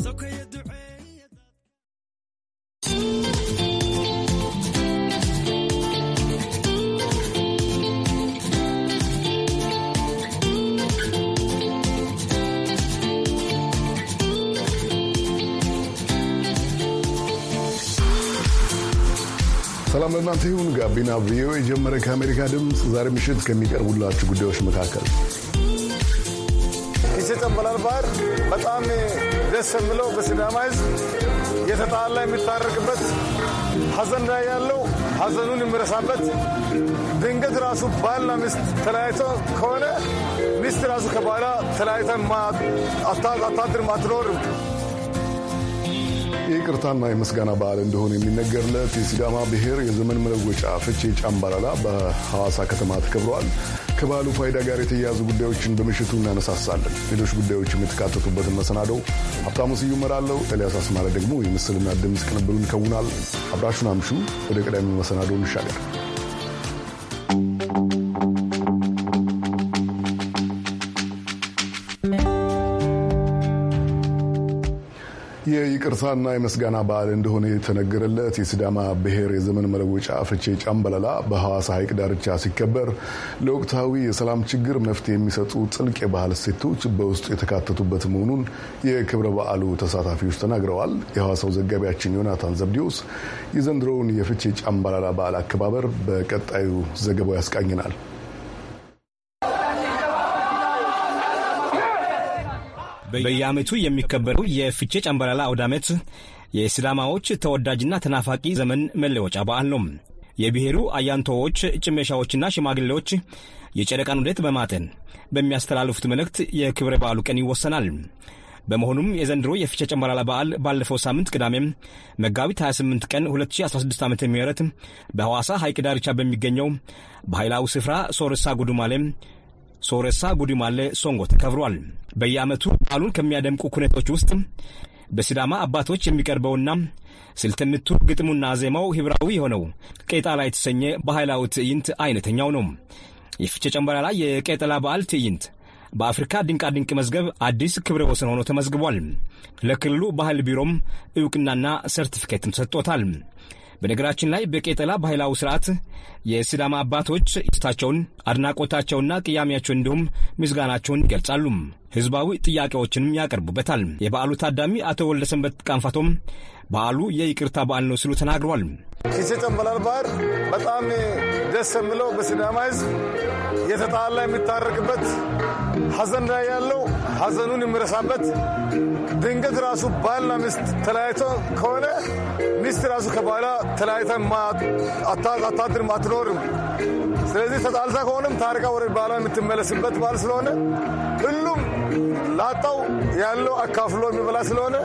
ሰላም ለእናንተ ይሁን። ጋቢና ቪኦኤ የጀመረ ከአሜሪካ ድምፅ ዛሬ ምሽት ከሚቀርቡላችሁ ጉዳዮች መካከል ይሴ ባህር በጣም ደስ የሚለው በሲዳማ ህዝብ የተጣላ የሚታረቅበት፣ ሀዘን ላይ ያለው ሀዘኑን የሚረሳበት፣ ድንገት ራሱ ባልና ሚስት ተለያይቶ ከሆነ ሚስት ራሱ ከባላ ተለያይታ አታድር አትኖርም። ይቅርታና የምስጋና በዓል እንደሆነ የሚነገርለት የሲዳማ ብሔር የዘመን መለወጫ ፍቼ ጫምባላላ በሐዋሳ ከተማ ተከብረዋል። ከበዓሉ ፋይዳ ጋር የተያያዙ ጉዳዮችን በምሽቱ እናነሳሳለን። ሌሎች ጉዳዮች የተካተቱበትን መሰናደው ሀብታሙ ስዩ እመራለሁ። ኤልያስ አስማረ ደግሞ የምስልና ድምፅ ቅንብሩን ይከውናል። አብራችሁን አምሹ። ወደ ቀዳሚ መሰናደው እንሻገር። ይቅርታና የመስጋና በዓል እንደሆነ የተነገረለት የሲዳማ ብሔር የዘመን መለወጫ ፍቼ ጫምበለላ በሐዋሳ ሐይቅ ዳርቻ ሲከበር ለወቅታዊ የሰላም ችግር መፍትሄ የሚሰጡ ጥልቅ የባህል እሴቶች በውስጡ የተካተቱበት መሆኑን የክብረ በዓሉ ተሳታፊዎች ተናግረዋል። የሐዋሳው ዘጋቢያችን ዮናታን ዘብዲዎስ የዘንድሮውን የፍቼ ጫምበለላ በዓል አከባበር በቀጣዩ ዘገባው ያስቃኝናል። በየዓመቱ የሚከበረው የፍቼ ጨምበላላ አውደ ዓመት የሲዳማዎች ተወዳጅና ተናፋቂ ዘመን መለወጫ በዓል ነው። የብሔሩ አያንቶዎች ጭመሻዎችና ሽማግሌዎች የጨረቃን ውደት በማጠን በሚያስተላልፉት መልእክት የክብረ በዓሉ ቀን ይወሰናል። በመሆኑም የዘንድሮ የፍቼ ጨምበላላ በዓል ባለፈው ሳምንት ቅዳሜ መጋቢት 28 ቀን 2016 ዓ ም በሐዋሳ ሐይቅ ዳርቻ በሚገኘው በኃይላዊ ስፍራ ሶርሳ ጉዱማሌም ሶረሳ ጉዲማሌ ሶንጎ ተከብሯል። በየዓመቱ በዓሉን ከሚያደምቁ ኩነቶች ውስጥ በሲዳማ አባቶች የሚቀርበውና ስልትንቱ ግጥሙና ዜማው ሂብራዊ የሆነው ቄጣላ የተሰኘ ባህላዊ ትዕይንት አይነተኛው ነው። የፍቼ ላይ የቄጠላ በዓል ትዕይንት በአፍሪካ ድንቃድንቅ መዝገብ አዲስ ክብረ ወሰን ሆኖ ተመዝግቧል። ለክልሉ ባህል ቢሮም እውቅናና ሰርቲፊኬትም ሰጥቶታል። በነገራችን ላይ በቄጠላ ባህላዊ ስርዓት የስዳማ አባቶች ታቸውን አድናቆታቸውና ቅያሜያቸው እንዲሁም ምስጋናቸውን ይገልጻሉ። ህዝባዊ ጥያቄዎችንም ያቀርቡበታል። የበዓሉ ታዳሚ አቶ ወልደሰንበት ቃንፋቶም በዓሉ የይቅርታ በዓል ነው ሲሉ ተናግረዋል። ፊቼ ጨምበላል በጣም ደስ የሚለው በስዳማ ህዝብ የተጣላ የሚታረቅበት ሐዘን ላይ ያለው ሐዘኑን የሚረሳበት ድንገት ራሱ ባልና ሚስት ተለያይቶ ከሆነ ሚስት ራሱ ከባላ ተለያይታ አታድርም፣ አትኖርም። ስለዚህ ተጣልታ ከሆነም ታርቃ ወደ ባላ የምትመለስበት ባል ስለሆነ ሁሉም ላጣው ያለው አካፍሎ የሚበላ ስለሆነ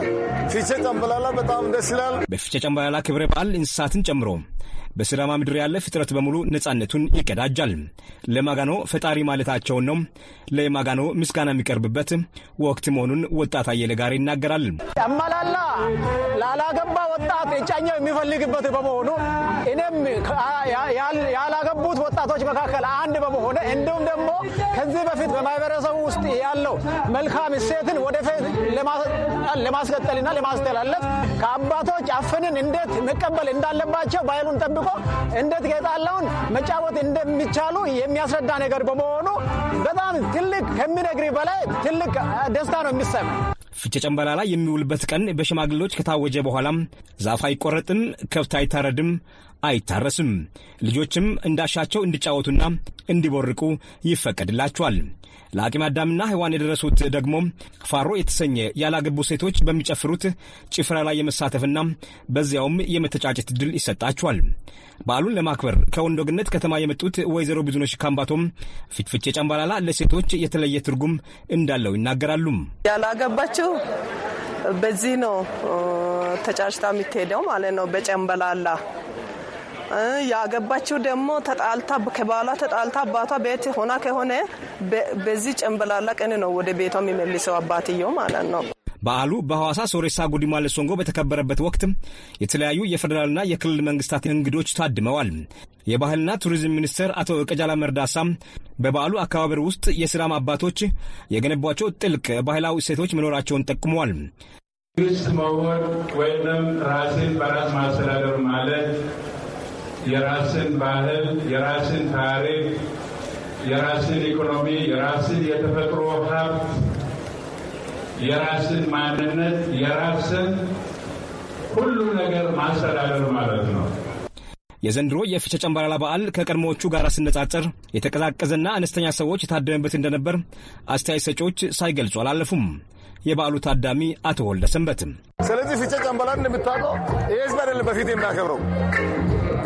ፊቼ ጨምበላላ በጣም ደስ ይላል። በፊቼ ጨምበላላ ክብረ በዓል እንስሳትን ጨምሮ በሲዳማ ምድር ያለ ፍጥረት በሙሉ ነጻነቱን ይቀዳጃል። ለማጋኖ ፈጣሪ ማለታቸውን ነው። ለማጋኖ ምስጋና የሚቀርብበት ወቅት መሆኑን ወጣት አየለ ጋር ይናገራል። አማላላ ላላገባ ወጣት እጫኛው የሚፈልግበት በመሆኑ እኔም ያላገቡት ወጣቶች መካከል አንድ በመሆነ እንዲሁም ደግሞ ከዚህ በፊት በማህበረሰቡ ውስጥ ያለው መልካም እሴትን ወደፊት ለማስቀጠልና ለማስተላለፍ ከአባቶች አፍንን እንዴት መቀበል እንዳለባቸው ባይሉን ጠብቆ ደግሞ እንዴት ጌጣለውን መጫወት እንደሚቻሉ የሚያስረዳ ነገር በመሆኑ በጣም ትልቅ ከሚነግሪ በላይ ትልቅ ደስታ ነው የሚሰማ። ፍቼ ላይ የሚውልበት ቀን በሽማግሌዎች ከታወጀ በኋላም ዛፍ አይቆረጥም፣ ከብት አይታረድም፣ አይታረስም። ልጆችም እንዳሻቸው እንዲጫወቱና እንዲቦርቁ ይፈቀድላቸዋል። ለአቂም አዳምና ሔዋን የደረሱት ደግሞ ፋሮ የተሰኘ ያላገቡ ሴቶች በሚጨፍሩት ጭፈራ ላይ የመሳተፍና በዚያውም የመተጫጨት ድል ይሰጣቸዋል። በዓሉን ለማክበር ከወንዶግነት ከተማ የመጡት ወይዘሮ ብዙነሽ ካምባቶም ፊትፍቼ ጨምባላላ ለሴቶች የተለየ ትርጉም እንዳለው ይናገራሉ። ያላገባቸው በዚህ ነው ተጫጭታ የምትሄደው ማለት ነው በጨምበላላ ያገባችው ደግሞ ተጣልታ ከባሏ ተጣልታ አባቷ ቤት ሆና ከሆነ በዚህ ጨንበላላ ቀን ነው ወደ ቤቷ የሚመልሰው አባትየው ማለት ነው። በዓሉ በሐዋሳ ሶሬሳ ጉዲማ ለሶንጎ በተከበረበት ወቅትም የተለያዩ የፌዴራልና የክልል መንግስታት እንግዶች ታድመዋል። የባህልና ቱሪዝም ሚኒስትር አቶ እቀጃላ መርዳሳም በበዓሉ አካባቢር ውስጥ የስላም አባቶች የገነቧቸው ጥልቅ ባህላዊ እሴቶች መኖራቸውን ጠቁመዋል። መንግስት መሆን ወይንም ራስን በራስ ማስተዳደር ማለት የራስን ባህል፣ የራስን ታሪክ፣ የራስን ኢኮኖሚ፣ የራስን የተፈጥሮ ሀብት፣ የራስን ማንነት፣ የራስን ሁሉ ነገር ማስተዳደር ማለት ነው። የዘንድሮ የፊቼ ጨምባላላ በዓል ከቀድሞዎቹ ጋር ሲነጻጸር የተቀዛቀዘና አነስተኛ ሰዎች የታደመበት እንደነበር አስተያየት ሰጪዎች ሳይገልጹ አላለፉም። የበዓሉ ታዳሚ አቶ ወልደ ሰንበትም ስለዚህ ፊቼ ጨምባላላ እንደምታውቀው የህዝብ አይደለም በፊት የሚያከብረው።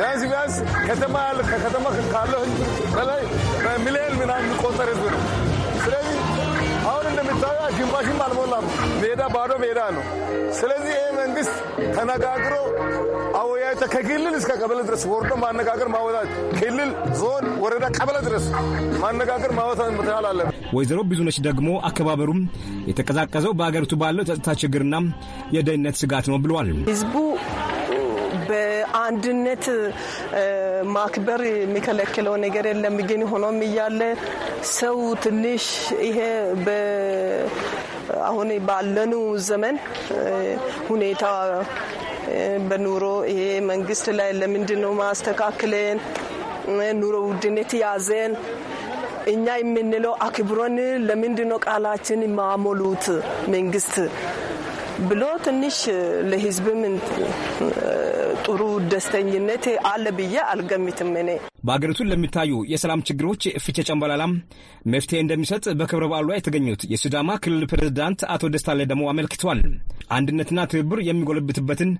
ቢያንስ ቢያንስ ከተማ ከከተማ ካለው ህዝብ በላይ በሚሊየን ምናምን የሚቆጠር ህዝብ ነው። ስለዚህ አሁን እንደሚታየው ግማሽም አልሞላም፣ ሜዳ ባዶ ሜዳ ነው። ስለዚህ ይህ መንግስት ተነጋግሮ አወያይተ ከክልል እስከ ቀበሌ ድረስ ወርዶ ማነጋገር ማወጣት ክልል፣ ዞን፣ ወረዳ፣ ቀበሌ ድረስ ማነጋገር ማወጣት መተላል አለ። ወይዘሮ ብዙነች ደግሞ አከባበሩም የተቀዛቀዘው በአገሪቱ ባለው የጸጥታ ችግርና የደህንነት ስጋት ነው ብለዋል። ህዝቡ በአንድነት ማክበር የሚከለክለው ነገር የለም። ግን ሆኖም እያለ ሰው ትንሽ ይሄ አሁን ባለኑ ዘመን ሁኔታ በኑሮ ይሄ መንግስት ላይ ለምንድን ነው ማስተካክለን ኑሮ ውድነት ያዘን እኛ የምንለው አክብሮን ለምንድን ነው ቃላችን ማሞሉት መንግስት ብሎ ትንሽ ለህዝብም ጥሩ ደስተኝነት አለ ብዬ አልገምትም። እኔ በአገሪቱ ለሚታዩ የሰላም ችግሮች ፍቼ ጨምበላላም መፍትሄ እንደሚሰጥ በክብረ በዓሉ ላይ የተገኙት የሲዳማ ክልል ፕሬዝዳንት አቶ ደስታ ደግሞ አመልክቷል። አንድነትና ትብብር የሚጎለብትበትን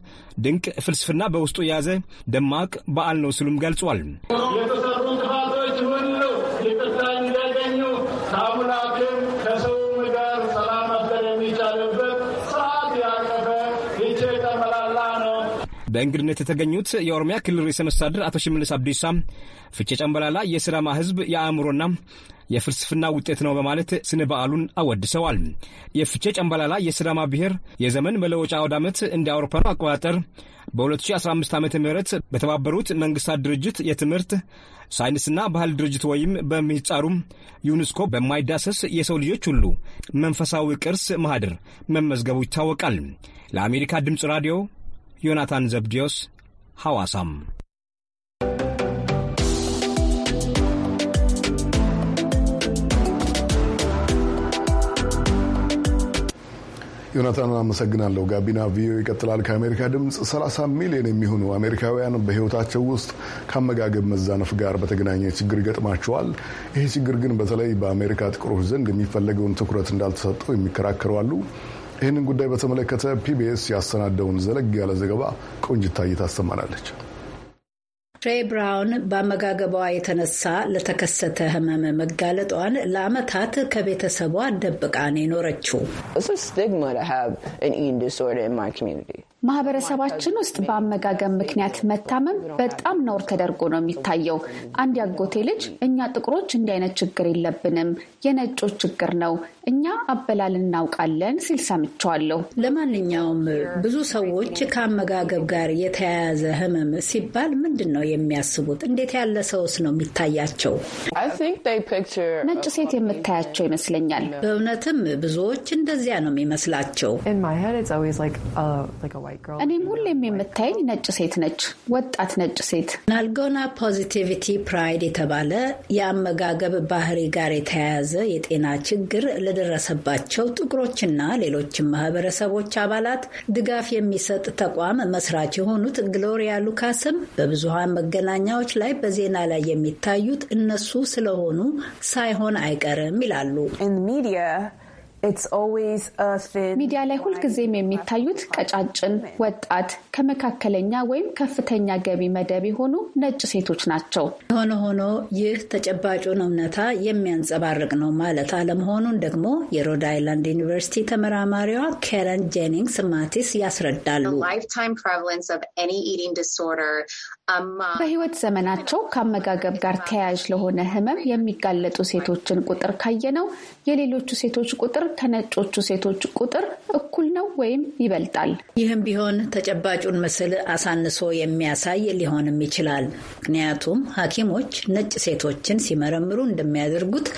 ድንቅ ፍልስፍና በውስጡ የያዘ ደማቅ በዓል ነው ሲሉም ገልጿል። በእንግድነት የተገኙት የኦሮሚያ ክልል ርዕሰ መስተዳድር አቶ ሽመልስ አብዲሳ ፍቼ ጨምበላላ የስራማ ህዝብ የአእምሮና የፍልስፍና ውጤት ነው በማለት ስነ በዓሉን አወድሰዋል። የፍቼ ጨምበላላ የሲዳማ ብሔር የዘመን መለወጫ አውደ ዓመት እንደ አውሮፓውያኑ አቆጣጠር በ2015 ዓ ም በተባበሩት መንግስታት ድርጅት የትምህርት ሳይንስና ባህል ድርጅት ወይም በምህጻሩም ዩኒስኮ በማይዳሰስ የሰው ልጆች ሁሉ መንፈሳዊ ቅርስ ማህደር መመዝገቡ ይታወቃል። ለአሜሪካ ድምፅ ራዲዮ ዮናታን ዘብዲዮስ ሐዋሳም ዮናታን አመሰግናለሁ። ጋቢና ቪኦኤ ይቀጥላል። ከአሜሪካ ድምፅ 30 ሚሊዮን የሚሆኑ አሜሪካውያን በሕይወታቸው ውስጥ ከአመጋገብ መዛነፍ ጋር በተገናኘ ችግር ይገጥማቸዋል። ይህ ችግር ግን በተለይ በአሜሪካ ጥቁሮች ዘንድ የሚፈለገውን ትኩረት እንዳልተሰጠው የሚከራከሩ አሉ። ይህንን ጉዳይ በተመለከተ ፒቢኤስ ያሰናደውን ዘለግ ያለ ዘገባ ቆንጅታ ሰማናለች። ትሬ ብራውን በአመጋገቧ የተነሳ ለተከሰተ ህመም መጋለጧን ለአመታት ከቤተሰቧ ደብቃን የኖረችው ማህበረሰባችን ውስጥ በአመጋገብ ምክንያት መታመም በጣም ነውር ተደርጎ ነው የሚታየው። አንድ ያጎቴ ልጅ እኛ ጥቁሮች እንዲህ አይነት ችግር የለብንም፣ የነጮች ችግር ነው፣ እኛ አበላል እናውቃለን ሲል ሰምቸዋለሁ። ለማንኛውም ብዙ ሰዎች ከአመጋገብ ጋር የተያያዘ ህመም ሲባል ምንድን ነው የሚያስቡት? እንዴት ያለ ሰውስ ነው የሚታያቸው? ነጭ ሴት የምታያቸው ይመስለኛል። በእውነትም ብዙዎች እንደዚያ ነው የሚመስላቸው። እኔም ሁሌም የምታየኝ ነጭ ሴት ነች፣ ወጣት ነጭ ሴት። ናልጎና ፖዚቲቪቲ ፕራይድ የተባለ የአመጋገብ ባህሪ ጋር የተያያዘ የጤና ችግር ለደረሰባቸው ጥቁሮችና ሌሎችም ማህበረሰቦች አባላት ድጋፍ የሚሰጥ ተቋም መስራች የሆኑት ግሎሪያ ሉካስም በብዙሃን መገናኛዎች ላይ በዜና ላይ የሚታዩት እነሱ ስለሆኑ ሳይሆን አይቀርም ይላሉ። ሚዲያ ላይ ሁልጊዜም የሚታዩት ቀጫጭን ወጣት ከመካከለኛ ወይም ከፍተኛ ገቢ መደብ የሆኑ ነጭ ሴቶች ናቸው። የሆነ ሆኖ ይህ ተጨባጩን እውነታ የሚያንጸባርቅ ነው ማለት አለመሆኑን ደግሞ የሮድ አይላንድ ዩኒቨርሲቲ ተመራማሪዋ ኬረን ጄኒንግስ ማቲስ ያስረዳሉ። በህይወት ዘመናቸው ከአመጋገብ ጋር ተያያዥ ለሆነ ህመም የሚጋለጡ ሴቶችን ቁጥር ካየነው የሌሎቹ ሴቶች ቁጥር ከነጮቹ ሴቶች ቁጥር እኩል ነው ወይም ይበልጣል። ይህም ቢሆን ተጨባጩን ምስል አሳንሶ የሚያሳይ ሊሆንም ይችላል። ምክንያቱም ሐኪሞች ነጭ ሴቶችን ሲመረምሩ እንደሚያደርጉት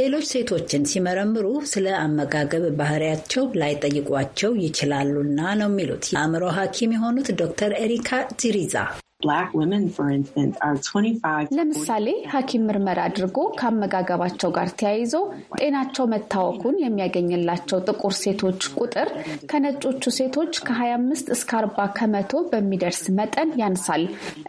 ሌሎች ሴቶችን ሲመረምሩ ስለ አመጋገብ ባህሪያቸው ላይጠይቋቸው ይችላሉና ነው የሚሉት የአእምሮ ሐኪም የሆኑት ዶክተር ኤሪካ ዚሪዛ ለምሳሌ ሐኪም ምርመራ አድርጎ ከአመጋገባቸው ጋር ተያይዞ ጤናቸው መታወኩን የሚያገኝላቸው ጥቁር ሴቶች ቁጥር ከነጮቹ ሴቶች ከ25 እስከ 40 ከመቶ በሚደርስ መጠን ያንሳል።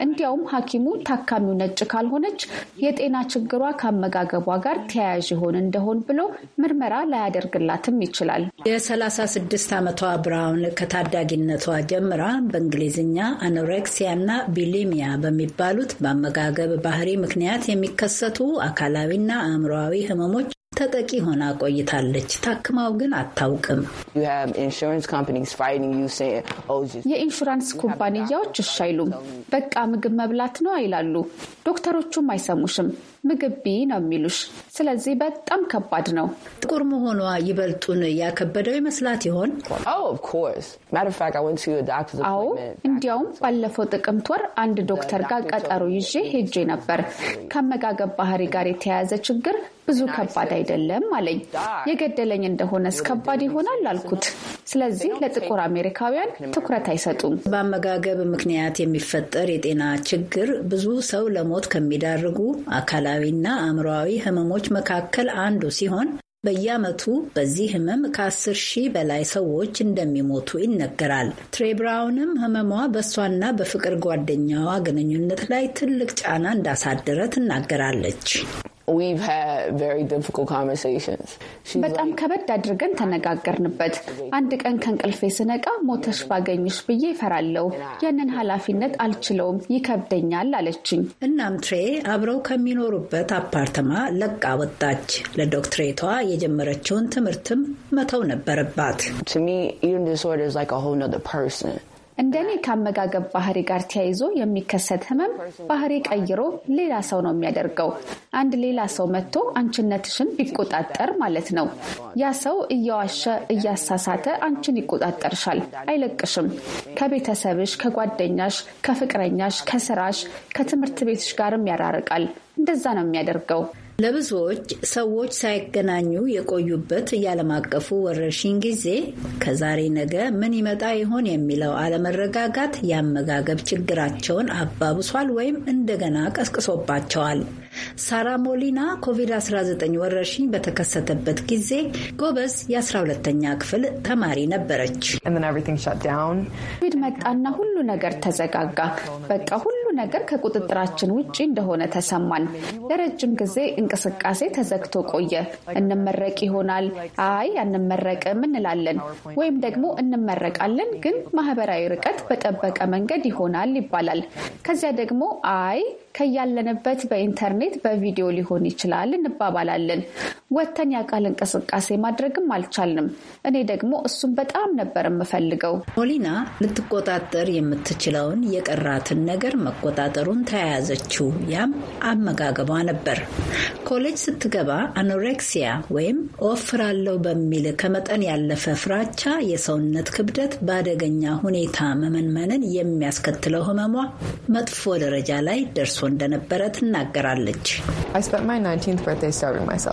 እንዲያውም ሐኪሙ ታካሚው ነጭ ካልሆነች የጤና ችግሯ ከአመጋገቧ ጋር ተያያዥ ይሆን እንደሆን ብሎ ምርመራ ላያደርግላትም ይችላል። የ36 ዓመቷ ብራውን ከታዳጊነቷ ጀምራ በእንግሊዝኛ አኖሬክሲያ እና ቢሊሚያ በሚባሉት በአመጋገብ ባህሪ ምክንያት የሚከሰቱ አካላዊና አእምሮዊ ህመሞች ተጠቂ ሆና ቆይታለች። ታክማው ግን አታውቅም። oh, የኢንሹራንስ ኩባንያዎች እሺ አይሉም። በቃ ምግብ መብላት ነው ይላሉ። ዶክተሮቹም አይሰሙሽም። ምግብ ቢ ነው የሚሉሽ። ስለዚህ በጣም ከባድ ነው። ጥቁር መሆኗ ይበልጡን ያከበደው ይመስላት ይሆን? Oh, አዎ፣ እንዲያውም ባለፈው ጥቅምት ወር አንድ ዶክተር ጋር ቀጠሮ ይዤ ሄጄ ነበር። ከአመጋገብ ባህሪ ጋር የተያያዘ ችግር ብዙ ከባድ አይደለም አለኝ። የገደለኝ እንደሆነ ከባድ ይሆናል አልኩት። ስለዚህ ለጥቁር አሜሪካውያን ትኩረት አይሰጡም። በአመጋገብ ምክንያት የሚፈጠር የጤና ችግር ብዙ ሰው ለሞት ከሚዳርጉ አካላት ስሜታዊና አእምሮዊ ህመሞች መካከል አንዱ ሲሆን በየዓመቱ በዚህ ህመም ከ10 ሺህ በላይ ሰዎች እንደሚሞቱ ይነገራል። ትሬ ብራውንም ህመሟ በእሷና በፍቅር ጓደኛዋ ግንኙነት ላይ ትልቅ ጫና እንዳሳደረ ትናገራለች። በጣም ከበድ አድርገን ተነጋገርንበት። አንድ ቀን ከእንቅልፌ ስነቃ ሞተሽ ባገኝሽ ብዬ ይፈራለሁ። ያንን ኃላፊነት አልችለውም፣ ይከብደኛል አለችኝ። እናም ትሬ አብረው ከሚኖሩበት አፓርተማ ለቃ ወጣች። ለዶክትሬቷ የጀመረችውን ትምህርትም መተው ነበረባት። እንደኔ ከአመጋገብ ባህሪ ጋር ተያይዞ የሚከሰት ህመም ባህሪ ቀይሮ ሌላ ሰው ነው የሚያደርገው። አንድ ሌላ ሰው መጥቶ አንችነትሽን ቢቆጣጠር ማለት ነው። ያ ሰው እየዋሸ እያሳሳተ አንችን ይቆጣጠርሻል፣ አይለቅሽም። ከቤተሰብሽ፣ ከጓደኛሽ፣ ከፍቅረኛሽ፣ ከስራሽ፣ ከትምህርት ቤትሽ ጋርም ያራርቃል። እንደዛ ነው የሚያደርገው። ለብዙዎች ሰዎች ሳይገናኙ የቆዩበት የዓለም አቀፉ ወረርሽኝ ጊዜ ከዛሬ ነገ ምን ይመጣ ይሆን የሚለው አለመረጋጋት የአመጋገብ ችግራቸውን አባብሷል ወይም እንደገና ቀስቅሶባቸዋል። ሳራ ሞሊና ኮቪድ-19 ወረርሽኝ በተከሰተበት ጊዜ ጎበዝ የ12ተኛ ክፍል ተማሪ ነበረች። ኮቪድ መጣና ሁሉ ነገር ተዘጋጋ። በቃ ሁሉ ነገር ከቁጥጥራችን ውጪ እንደሆነ ተሰማን። ለረጅም ጊዜ እንቅስቃሴ ተዘግቶ ቆየ። እንመረቅ ይሆናል፣ አይ አንመረቅም እንላለን፣ ወይም ደግሞ እንመረቃለን ግን ማህበራዊ ርቀት በጠበቀ መንገድ ይሆናል ይባላል። ከዚያ ደግሞ አይ ከያለንበት በኢንተርኔት በቪዲዮ ሊሆን ይችላል እንባባላለን። ወተን የአካል እንቅስቃሴ ማድረግም አልቻልንም። እኔ ደግሞ እሱም በጣም ነበር የምፈልገው። ፖሊና ልትቆጣጠር የምትችለውን የቀራትን ነገር መቆጣጠሩን ተያያዘችው። ያም አመጋገቧ ነበር። ኮሌጅ ስትገባ አኖሬክሲያ ወይም እወፍራለሁ በሚል ከመጠን ያለፈ ፍራቻ የሰውነት ክብደት በአደገኛ ሁኔታ መመንመንን የሚያስከትለው ህመሟ መጥፎ ደረጃ ላይ ደርሷል። እንደነበረ ትናገራለች።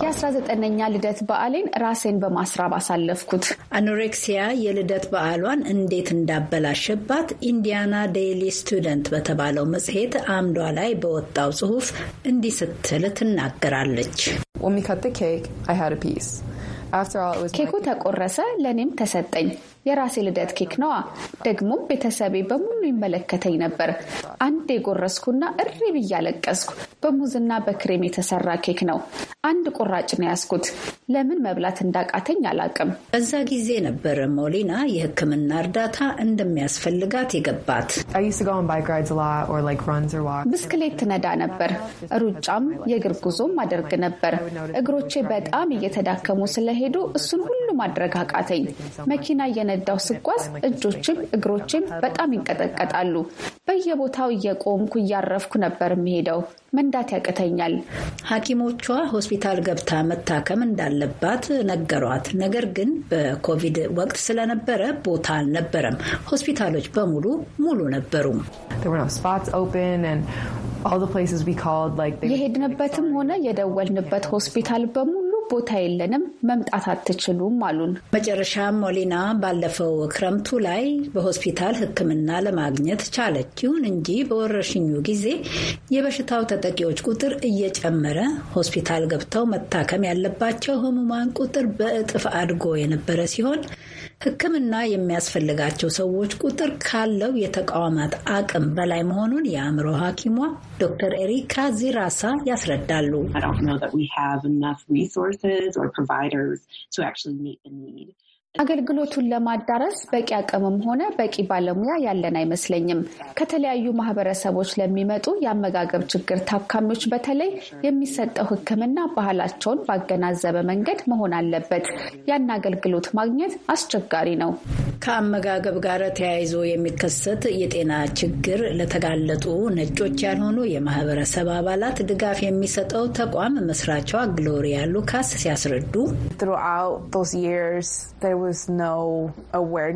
የ19ኛ ልደት በዓሌን ራሴን በማስራብ አሳለፍኩት። አኖሬክሲያ የልደት በዓሏን እንዴት እንዳበላሸባት ኢንዲያና ዴይሊ ስቱደንት በተባለው መጽሔት አምዷ ላይ በወጣው ጽሑፍ እንዲህ ስትል ትናገራለች። ኬኩ ተቆረሰ፣ ለእኔም ተሰጠኝ። የራሴ ልደት ኬክ ነዋ። ደግሞም ቤተሰቤ በሙሉ ይመለከተኝ ነበር። አንድ የጎረስኩና እሪ እያለቀስኩ በሙዝና በክሬም የተሰራ ኬክ ነው። አንድ ቁራጭ ነው ያስኩት። ለምን መብላት እንዳቃተኝ አላቅም። በዛ ጊዜ ነበር ሞሊና የሕክምና እርዳታ እንደሚያስፈልጋት የገባት። ብስክሌት ትነዳ ነበር፣ ሩጫም የእግር ጉዞም አደርግ ነበር። እግሮቼ በጣም እየተዳከሙ ስለሄዱ እሱን ሁሉ ማድረግ አቃተኝ። መኪና እየነዳው ስጓዝ እጆችም እግሮችም በጣም ይንቀጠቀጣሉ። በየቦታው እየቆምኩ እያረፍኩ ነበር የሚሄደው። መንዳት ያቅተኛል። ሐኪሞቿ ሆስፒታል ገብታ መታከም እንዳለባት ነገሯት። ነገር ግን በኮቪድ ወቅት ስለነበረ ቦታ አልነበረም። ሆስፒታሎች በሙሉ ሙሉ ነበሩ። የሄድንበትም ሆነ የደወልንበት ሆስፒታል በሙሉ ቦታ የለንም፣ መምጣት አትችሉም አሉን። መጨረሻም ሞሊና ባለፈው ክረምቱ ላይ በሆስፒታል ሕክምና ለማግኘት ቻለች። ይሁን እንጂ በወረርሽኙ ጊዜ የበሽታው ተጠቂዎች ቁጥር እየጨመረ ሆስፒታል ገብተው መታከም ያለባቸው ህሙማን ቁጥር በእጥፍ አድጎ የነበረ ሲሆን ህክምና የሚያስፈልጋቸው ሰዎች ቁጥር ካለው የተቃዋማት አቅም በላይ መሆኑን የአእምሮ ሀኪሟ ዶክተር ኤሪካ ዚራሳ ያስረዳሉ። አገልግሎቱን ለማዳረስ በቂ አቅምም ሆነ በቂ ባለሙያ ያለን አይመስለኝም። ከተለያዩ ማህበረሰቦች ለሚመጡ የአመጋገብ ችግር ታካሚዎች በተለይ የሚሰጠው ሕክምና ባህላቸውን ባገናዘበ መንገድ መሆን አለበት። ያን አገልግሎት ማግኘት አስቸጋሪ ነው። ከአመጋገብ ጋር ተያይዞ የሚከሰት የጤና ችግር ለተጋለጡ ነጮች ያልሆኑ የማህበረሰብ አባላት ድጋፍ የሚሰጠው ተቋም መስራቿ ግሎሪያ ሉካስ ሲያስረዱ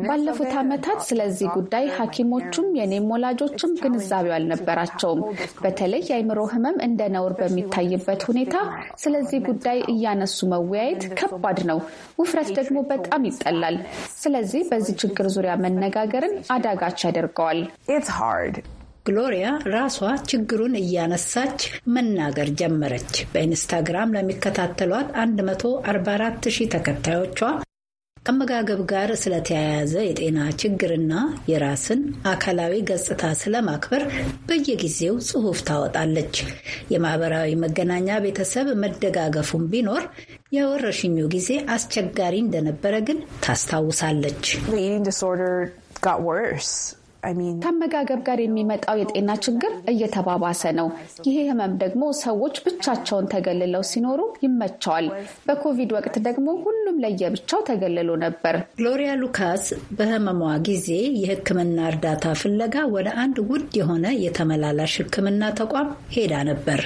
ባለፉት ዓመታት ስለዚህ ጉዳይ ሐኪሞቹም የኔም ወላጆችም ግንዛቤው አልነበራቸውም። በተለይ የአይምሮ ህመም እንደ ነውር በሚታይበት ሁኔታ ስለዚህ ጉዳይ እያነሱ መወያየት ከባድ ነው። ውፍረት ደግሞ በጣም ይጠላል። ስለዚህ በዚህ ችግር ዙሪያ መነጋገርን አዳጋች ያደርገዋል። ግሎሪያ ራሷ ችግሩን እያነሳች መናገር ጀመረች። በኢንስታግራም ለሚከታተሏት 144 ሺህ ተከታዮቿ ከአመጋገብ ጋር ስለተያያዘ የጤና ችግርና የራስን አካላዊ ገጽታ ስለማክበር በየጊዜው ጽሑፍ ታወጣለች። የማህበራዊ መገናኛ ቤተሰብ መደጋገፉን ቢኖር የወረሽኙ ጊዜ አስቸጋሪ እንደነበረ ግን ታስታውሳለች። ከአመጋገብ ጋር የሚመጣው የጤና ችግር እየተባባሰ ነው። ይሄ ህመም ደግሞ ሰዎች ብቻቸውን ተገልለው ሲኖሩ ይመቸዋል። በኮቪድ ወቅት ደግሞ ለየብቻው ተገልሎ ነበር። ግሎሪያ ሉካስ በህመሟ ጊዜ የህክምና እርዳታ ፍለጋ ወደ አንድ ውድ የሆነ የተመላላሽ ህክምና ተቋም ሄዳ ነበር።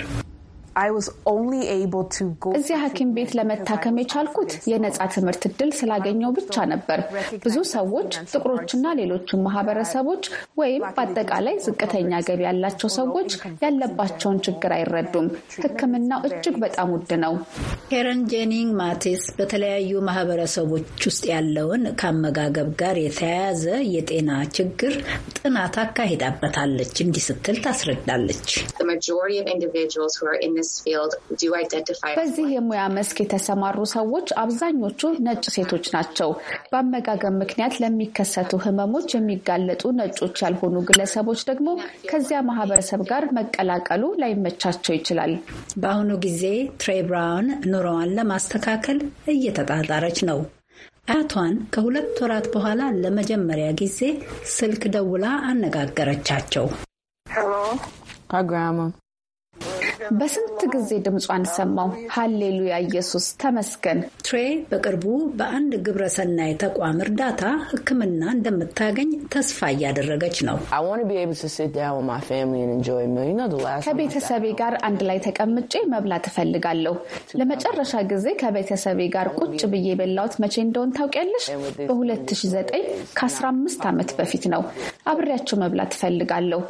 እዚህ ሐኪም ቤት ለመታከም የቻልኩት የነጻ ትምህርት እድል ስላገኘው ብቻ ነበር። ብዙ ሰዎች ጥቁሮችና ሌሎቹን ማህበረሰቦች ወይም በአጠቃላይ ዝቅተኛ ገቢ ያላቸው ሰዎች ያለባቸውን uh, ችግር አይረዱም። ሕክምናው እጅግ በጣም ውድ ነው። ሄረን ጄኒንግ ማቴስ በተለያዩ ማህበረሰቦች ውስጥ ያለውን ከአመጋገብ ጋር የተያያዘ የጤና ችግር ጥናት አካሂዳበታለች። እንዲህ ስትል ታስረዳለች። በዚህ የሙያ መስክ የተሰማሩ ሰዎች አብዛኞቹ ነጭ ሴቶች ናቸው። በአመጋገብ ምክንያት ለሚከሰቱ ህመሞች የሚጋለጡ ነጮች ያልሆኑ ግለሰቦች ደግሞ ከዚያ ማህበረሰብ ጋር መቀላቀሉ ላይመቻቸው ይችላል። በአሁኑ ጊዜ ትሬ ብራውን ኑሮዋን ለማስተካከል እየተጣጣረች ነው። አያቷን ከሁለት ወራት በኋላ ለመጀመሪያ ጊዜ ስልክ ደውላ አነጋገረቻቸው። በስንት ሁለት ጊዜ ድምጿን ሰማው ሀሌሉያ ኢየሱስ ተመስገን። ትሬ በቅርቡ በአንድ ግብረሰናይ ተቋም እርዳታ ሕክምና እንደምታገኝ ተስፋ እያደረገች ነው። ከቤተሰቤ ጋር አንድ ላይ ተቀምጬ መብላት እፈልጋለሁ። ለመጨረሻ ጊዜ ከቤተሰቤ ጋር ቁጭ ብዬ የበላሁት መቼ እንደሆን ታውቂያለሽ? በ2009 ከ15 ዓመት በፊት ነው። አብሬያቸው መብላት እፈልጋለሁ።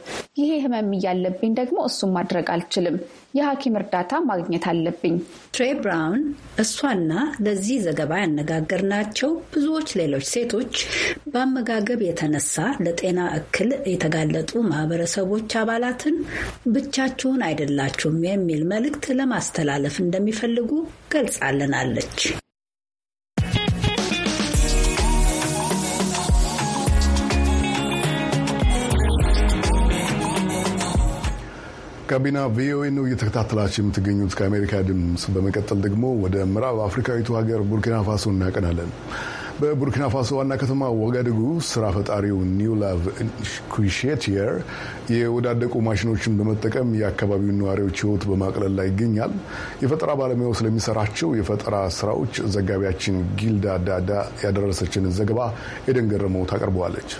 ይሄ ህመም እያለብኝ ደግሞ እሱም ማድረግ አልችልም። የሐኪም እርዳታ ማግኘት አለብኝ። ትሬ ብራውን እሷና ለዚህ ዘገባ ያነጋገርናቸው ብዙዎች ሌሎች ሴቶች በአመጋገብ የተነሳ ለጤና እክል የተጋለጡ ማህበረሰቦች አባላትን ብቻችሁን አይደላችሁም የሚል መልእክት ለማስተላለፍ እንደሚፈልጉ ገልጻልናለች። ጋቢና ቪኦኤ ነው እየተከታተላችሁ የምትገኙት ከአሜሪካ ድምፅ። በመቀጠል ደግሞ ወደ ምዕራብ አፍሪካዊቱ ሀገር ቡርኪና ፋሶ እናቀናለን። በቡርኪና ፋሶ ዋና ከተማ ዋጋድጉ ስራ ፈጣሪው ኒውላቭ ኩሼቲየር የወዳደቁ ማሽኖችን በመጠቀም የአካባቢውን ነዋሪዎች ሕይወት በማቅለል ላይ ይገኛል። የፈጠራ ባለሙያው ስለሚሰራቸው የፈጠራ ስራዎች ዘጋቢያችን ጊልዳ ዳዳ ያደረሰችን ዘገባ ኤደን ገረመው ታቀርበዋለች።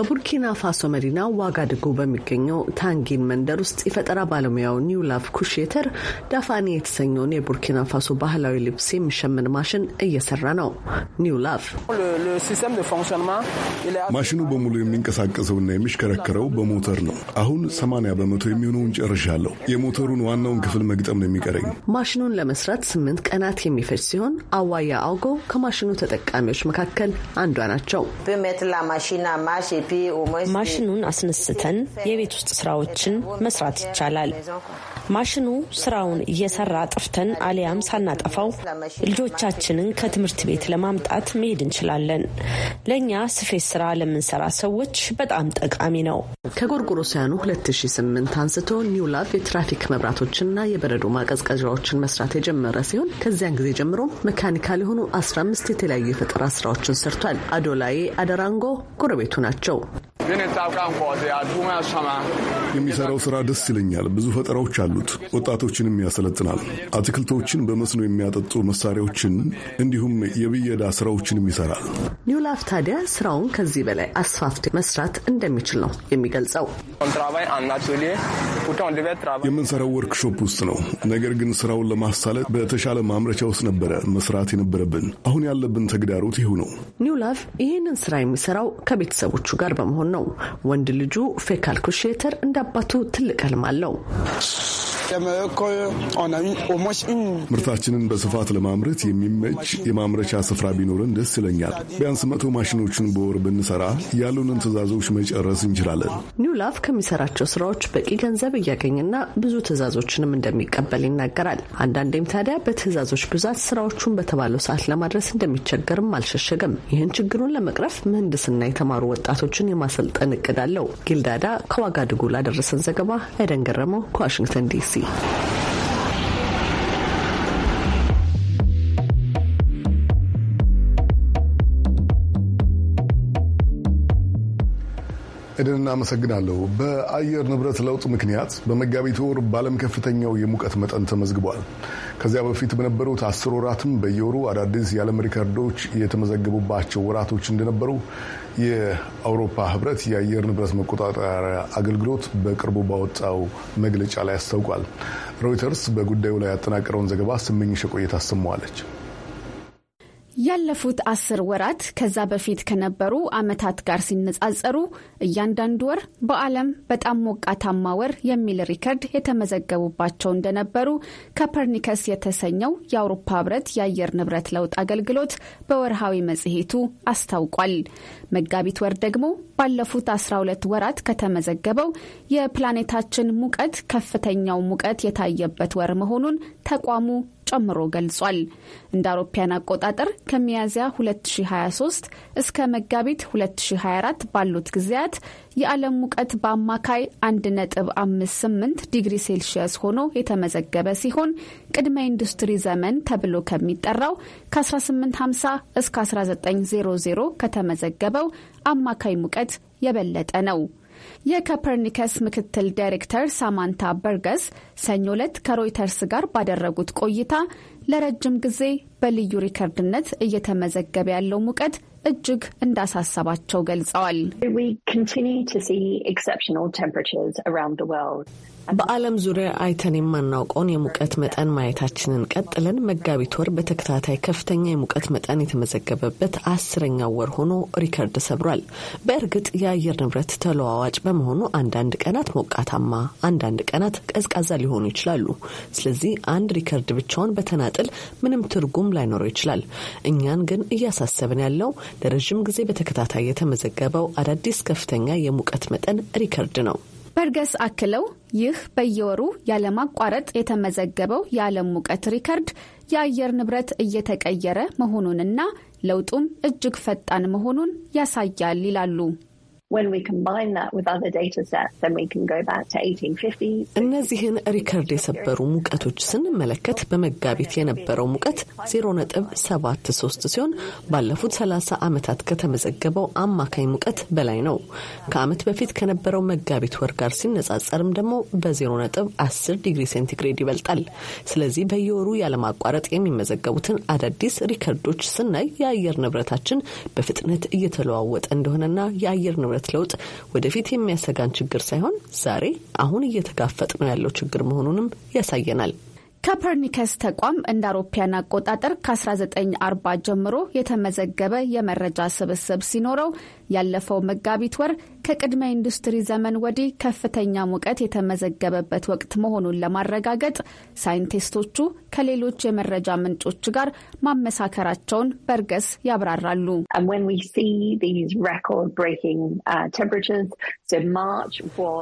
በቡርኪና ፋሶ መዲና ዋጋድጉ በሚገኘው ታንጊን መንደር ውስጥ የፈጠራ ባለሙያው ኒውላፍ ኩሼተር ዳፋኒ የተሰኘውን የቡርኪና ፋሶ ባህላዊ ልብስ የሚሸምን ማሽን እየሰራ ነው። ኒውላፍ ማሽኑ በሙሉ የሚንቀሳቀሰውና የሚሽከረከረው በሞተር ነው። አሁን 80 በመቶ የሚሆነውን ጨርሻለሁ። የሞተሩን ዋናውን ክፍል መግጠም ነው የሚቀረኝ። ማሽኑን ለመስራት ስምንት ቀናት የሚፈጅ ሲሆን አዋያ አውጎ ከማሽኑ ተጠቃሚዎች መካከል አንዷ ናቸው። ማሽኑን አስነስተን የቤት ውስጥ ስራዎችን መስራት ይቻላል። ማሽኑ ስራውን እየሰራ አጥፍተን አሊያም ሳናጠፋው ልጆቻችንን ከትምህርት ቤት ለማምጣት መሄድ እንችላለን። ለእኛ ስፌት ስራ ለምንሰራ ሰዎች በጣም ጠቃሚ ነው። ከጎርጎሮሲያኑ 2008 አንስቶ ኒውላቭ የትራፊክ መብራቶችና የበረዶ ማቀዝቀዣዎችን መስራት የጀመረ ሲሆን ከዚያን ጊዜ ጀምሮ መካኒካል የሆኑ 15 የተለያዩ የፈጠራ ስራዎችን ሰርቷል። አዶላዬ አደራንጎ ጎረቤቱ ናቸው። የሚሰራው ስራ ደስ ይለኛል። ብዙ ፈጠራዎች አሉት። ወጣቶችንም ያሰለጥናል። አትክልቶችን በመስኖ የሚያጠጡ መሳሪያዎችን እንዲሁም የብየዳ ስራዎችንም ይሰራል። ኒውላፍ ታዲያ ስራውን ከዚህ በላይ አስፋፍቶ መስራት እንደሚችል ነው የሚገልጸው። የምንሰራው ወርክሾፕ ውስጥ ነው። ነገር ግን ስራውን ለማሳለጥ በተሻለ ማምረቻ ውስጥ ነበረ መስራት የነበረብን። አሁን ያለብን ተግዳሮት ይሁ ነው። ኒውላፍ ይህንን ስራ የሚሰራው ከቤተሰቦቹ ጋር ጋር በመሆን ነው። ወንድ ልጁ ፌካል ኩሼተር እንደ አባቱ ትልቅ ህልም አለው። ምርታችንን በስፋት ለማምረት የሚመች የማምረቻ ስፍራ ቢኖረን ደስ ይለኛል። ቢያንስ መቶ ማሽኖችን በወር ብንሰራ ያሉንን ትዕዛዞች መጨረስ እንችላለን። ኒውላፍ ከሚሰራቸው ስራዎች በቂ ገንዘብ እያገኝና ብዙ ትዕዛዞችንም እንደሚቀበል ይናገራል። አንዳንዴም ታዲያ በትዕዛዞች ብዛት ስራዎቹን በተባለው ሰዓት ለማድረስ እንደሚቸገርም አልሸሸገም። ይህን ችግሩን ለመቅረፍ ምህንድስና የተማሩ ወጣቶችን የማሰልጠን እቅድ አለው። ጊልዳዳ ከዋጋድጉ ላደረሰን ዘገባ አይደን ገረመው ከዋሽንግተን ዲሲ ነው። ኤደን እናመሰግናለሁ። በአየር ንብረት ለውጥ ምክንያት በመጋቢት ወር በዓለም ከፍተኛው የሙቀት መጠን ተመዝግቧል። ከዚያ በፊት በነበሩት አስር ወራትም በየወሩ አዳዲስ የዓለም ሪከርዶች የተመዘገቡባቸው ወራቶች እንደነበሩ የአውሮፓ ህብረት የአየር ንብረት መቆጣጠሪያ አገልግሎት በቅርቡ ባወጣው መግለጫ ላይ አስታውቋል። ሮይተርስ በጉዳዩ ላይ ያጠናቀረውን ዘገባ ስመኝሽ ቆየት አሰማዋለች። ያለፉት አስር ወራት ከዛ በፊት ከነበሩ ዓመታት ጋር ሲነጻጸሩ እያንዳንዱ ወር በዓለም በጣም ሞቃታማ ወር የሚል ሪከርድ የተመዘገቡባቸው እንደነበሩ ከፐርኒከስ የተሰኘው የአውሮፓ ሕብረት የአየር ንብረት ለውጥ አገልግሎት በወርሃዊ መጽሔቱ አስታውቋል። መጋቢት ወር ደግሞ ባለፉት 12 ወራት ከተመዘገበው የፕላኔታችን ሙቀት ከፍተኛው ሙቀት የታየበት ወር መሆኑን ተቋሙ ጨምሮ ገልጿል። እንደ አውሮፓያን አቆጣጠር ከሚያዝያ 2023 እስከ መጋቢት 2024 ባሉት ጊዜያት የዓለም ሙቀት በአማካይ 1.58 ዲግሪ ሴልሺየስ ሆኖ የተመዘገበ ሲሆን ቅድመ ኢንዱስትሪ ዘመን ተብሎ ከሚጠራው ከ1850 እስከ 1900 ከተመዘገበው አማካይ ሙቀት የበለጠ ነው። የኮፐርኒከስ ምክትል ዳይሬክተር ሳማንታ በርገስ ሰኞ ዕለት ከሮይተርስ ጋር ባደረጉት ቆይታ ለረጅም ጊዜ በልዩ ሪከርድነት እየተመዘገበ ያለው ሙቀት እጅግ እንዳሳሰባቸው ገልጸዋል። በዓለም ዙሪያ አይተን የማናውቀውን የሙቀት መጠን ማየታችንን ቀጥለን መጋቢት ወር በተከታታይ ከፍተኛ የሙቀት መጠን የተመዘገበበት አስረኛው ወር ሆኖ ሪከርድ ሰብሯል። በእርግጥ የአየር ንብረት ተለዋዋጭ በመሆኑ አንዳንድ ቀናት ሞቃታማ፣ አንዳንድ ቀናት ቀዝቃዛ ሊሆኑ ይችላሉ። ስለዚህ አንድ ሪከርድ ብቻውን በተናጥል ምንም ትርጉም ላይኖረው ይችላል። እኛን ግን እያሳሰብን ያለው ለረዥም ጊዜ በተከታታይ የተመዘገበው አዳዲስ ከፍተኛ የሙቀት መጠን ሪከርድ ነው። ፈርገስ አክለው ይህ በየወሩ ያለማቋረጥ የተመዘገበው የዓለም ሙቀት ሪከርድ የአየር ንብረት እየተቀየረ መሆኑንና ለውጡም እጅግ ፈጣን መሆኑን ያሳያል ይላሉ። እነዚህን ሪከርድ የሰበሩ ሙቀቶች ስንመለከት በመጋቢት የነበረው ሙቀት 0.73 ሲሆን ባለፉት 30 ዓመታት ከተመዘገበው አማካኝ ሙቀት በላይ ነው። ከዓመት በፊት ከነበረው መጋቢት ወር ጋር ሲነጻጸርም ደግሞ በ0.10 ዲግሪ ሴንቲግሬድ ይበልጣል። ስለዚህ በየወሩ ያለማቋረጥ የሚመዘገቡትን አዳዲስ ሪከርዶች ስናይ የአየር ንብረታችን በፍጥነት እየተለዋወጠ እንደሆነና የአየር ንብረት የንብረት ለውጥ ወደፊት የሚያሰጋን ችግር ሳይሆን ዛሬ አሁን እየተጋፈጥ ነው ያለው ችግር መሆኑንም ያሳየናል። ከፐርኒከስ ተቋም እንደ አውሮፓያን አቆጣጠር ከ1940 ጀምሮ የተመዘገበ የመረጃ ስብስብ ሲኖረው ያለፈው መጋቢት ወር ከቅድመ ኢንዱስትሪ ዘመን ወዲህ ከፍተኛ ሙቀት የተመዘገበበት ወቅት መሆኑን ለማረጋገጥ ሳይንቲስቶቹ ከሌሎች የመረጃ ምንጮች ጋር ማመሳከራቸውን በርገስ ያብራራሉ። uh,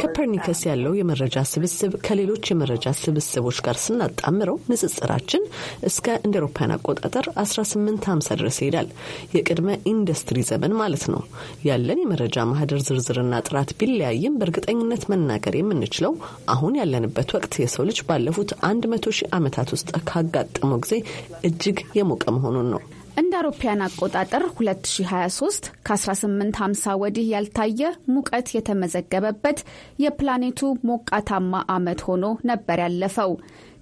ኮፐርኒከስ uh, ያለው የመረጃ ስብስብ ከሌሎች የመረጃ ስብስቦች ጋር ስናጣምረው ንጽጽራችን እስከ እንደ አውሮፓውያን አቆጣጠር 1850 ድረስ ይሄዳል። የቅድመ ኢንዱስትሪ ዘመን ማለት ነው። ያለን የመረጃ ማህደር ዝርዝርና ጥራት ቢለያይም በእርግጠኝነት መናገር የምንችለው አሁን ያለንበት ወቅት የሰው ልጅ ባለፉት አንድ መቶ ሺህ ዓመታት ውስጥ ካጋጠመው ጊዜ እጅግ የሞቀ መሆኑን ነው። እንደ አውሮፓያን አቆጣጠር 2023 ከ1850 ወዲህ ያልታየ ሙቀት የተመዘገበበት የፕላኔቱ ሞቃታማ ዓመት ሆኖ ነበር ያለፈው።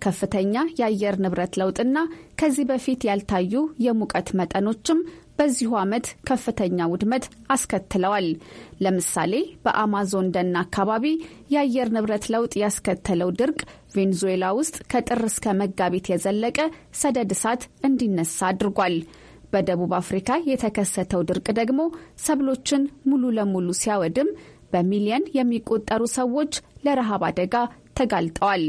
ከፍተኛ የአየር ንብረት ለውጥና ከዚህ በፊት ያልታዩ የሙቀት መጠኖችም በዚሁ ዓመት ከፍተኛ ውድመት አስከትለዋል። ለምሳሌ በአማዞን ደን አካባቢ የአየር ንብረት ለውጥ ያስከተለው ድርቅ ቬንዙዌላ ውስጥ ከጥር እስከ መጋቢት የዘለቀ ሰደድ እሳት እንዲነሳ አድርጓል። በደቡብ አፍሪካ የተከሰተው ድርቅ ደግሞ ሰብሎችን ሙሉ ለሙሉ ሲያወድም በሚሊየን የሚቆጠሩ ሰዎች ለረሃብ አደጋ ተጋልጠዋል።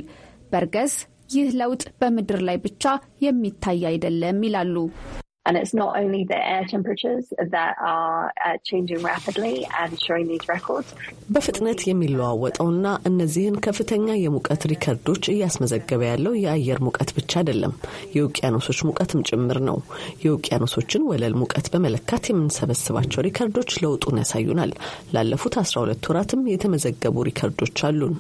በርገስ ይህ ለውጥ በምድር ላይ ብቻ የሚታይ አይደለም ይላሉ። And it's not only the air temperatures that are uh, changing rapidly and showing these records. በፍጥነት የሚለዋወጠውና እነዚህን ከፍተኛ የሙቀት ሪከርዶች እያስመዘገበ ያለው የአየር ሙቀት ብቻ አይደለም፣ የውቅያኖሶች ሙቀትም ጭምር ነው። የውቅያኖሶችን ወለል ሙቀት በመለካት የምንሰበስባቸው ሪከርዶች ለውጡን ያሳዩናል። ላለፉት 12 ወራትም የተመዘገቡ ሪከርዶች አሉን።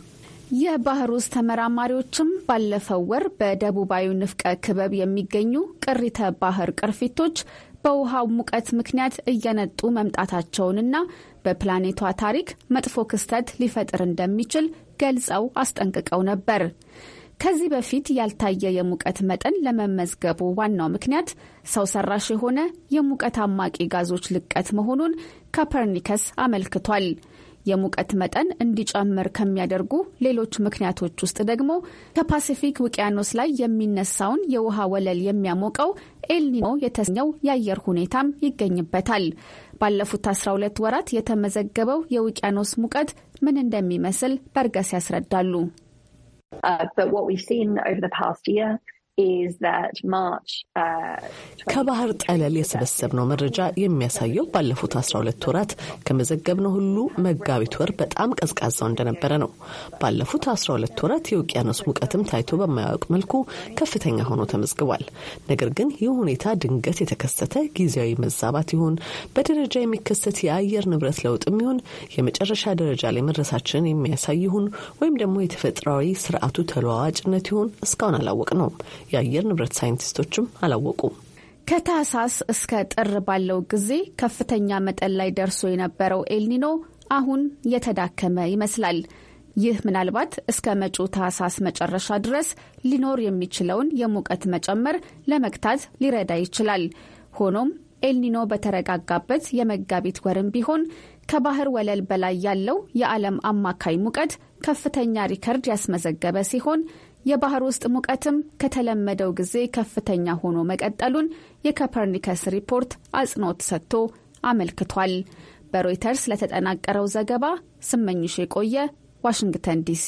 የባህር ውስጥ ተመራማሪዎችም ባለፈው ወር በደቡባዊ ንፍቀ ክበብ የሚገኙ ቅሪተ ባህር ቅርፊቶች በውሃው ሙቀት ምክንያት እየነጡ መምጣታቸውንና በፕላኔቷ ታሪክ መጥፎ ክስተት ሊፈጥር እንደሚችል ገልጸው አስጠንቅቀው ነበር። ከዚህ በፊት ያልታየ የሙቀት መጠን ለመመዝገቡ ዋናው ምክንያት ሰው ሰራሽ የሆነ የሙቀት አማቂ ጋዞች ልቀት መሆኑን ኮፐርኒከስ አመልክቷል። የሙቀት መጠን እንዲጨምር ከሚያደርጉ ሌሎች ምክንያቶች ውስጥ ደግሞ ከፓሲፊክ ውቅያኖስ ላይ የሚነሳውን የውሃ ወለል የሚያሞቀው ኤልኒኖ የተሰኘው የአየር ሁኔታም ይገኝበታል። ባለፉት 12 ወራት የተመዘገበው የውቅያኖስ ሙቀት ምን እንደሚመስል በርገስ ያስረዳሉ። Uh, but what we've seen over the past year Uh, ከባህር ጠለል የሰበሰብነው መረጃ የሚያሳየው ባለፉት 12 ወራት ከመዘገብነው ሁሉ መጋቢት ወር በጣም ቀዝቃዛው እንደነበረ ነው። ባለፉት 12 ወራት የውቅያኖስ ሙቀትም ታይቶ በማያውቅ መልኩ ከፍተኛ ሆኖ ተመዝግቧል። ነገር ግን ይህ ሁኔታ ድንገት የተከሰተ ጊዜያዊ መዛባት ይሁን በደረጃ የሚከሰት የአየር ንብረት ለውጥም ይሁን የመጨረሻ ደረጃ ላይ መድረሳችንን የሚያሳይ ይሁን ወይም ደግሞ የተፈጥሯዊ ስርዓቱ ተለዋዋጭነት ይሁን እስካሁን አላወቅ ነው። የአየር ንብረት ሳይንቲስቶችም አላወቁም። ከታህሳስ እስከ ጥር ባለው ጊዜ ከፍተኛ መጠን ላይ ደርሶ የነበረው ኤልኒኖ አሁን የተዳከመ ይመስላል። ይህ ምናልባት እስከ መጪው ታህሳስ መጨረሻ ድረስ ሊኖር የሚችለውን የሙቀት መጨመር ለመግታት ሊረዳ ይችላል። ሆኖም ኤልኒኖ በተረጋጋበት የመጋቢት ወርም ቢሆን ከባህር ወለል በላይ ያለው የዓለም አማካይ ሙቀት ከፍተኛ ሪከርድ ያስመዘገበ ሲሆን የባህር ውስጥ ሙቀትም ከተለመደው ጊዜ ከፍተኛ ሆኖ መቀጠሉን የኮፐርኒከስ ሪፖርት አጽንኦት ሰጥቶ አመልክቷል። በሮይተርስ ለተጠናቀረው ዘገባ ስመኝሽ የቆየ ዋሽንግተን ዲሲ።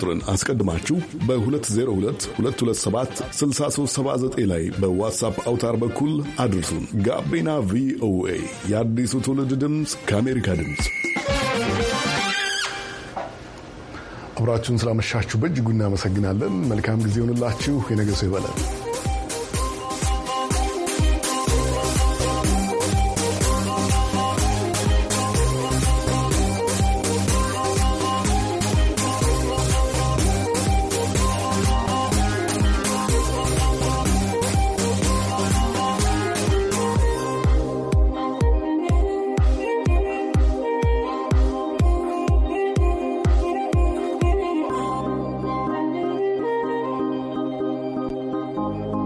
ቁጥርን አስቀድማችሁ በ 6379 ላይ በዋትሳፕ አውታር በኩል አድርሱን። ጋቢና ቪኦኤ የአዲሱ ትውልድ ድምፅ ከአሜሪካ ድምፅ። አብራችሁን ስላመሻችሁ በእጅጉ እናመሰግናለን። መልካም ጊዜ ይሆንላችሁ። የነገሱ ይበላል።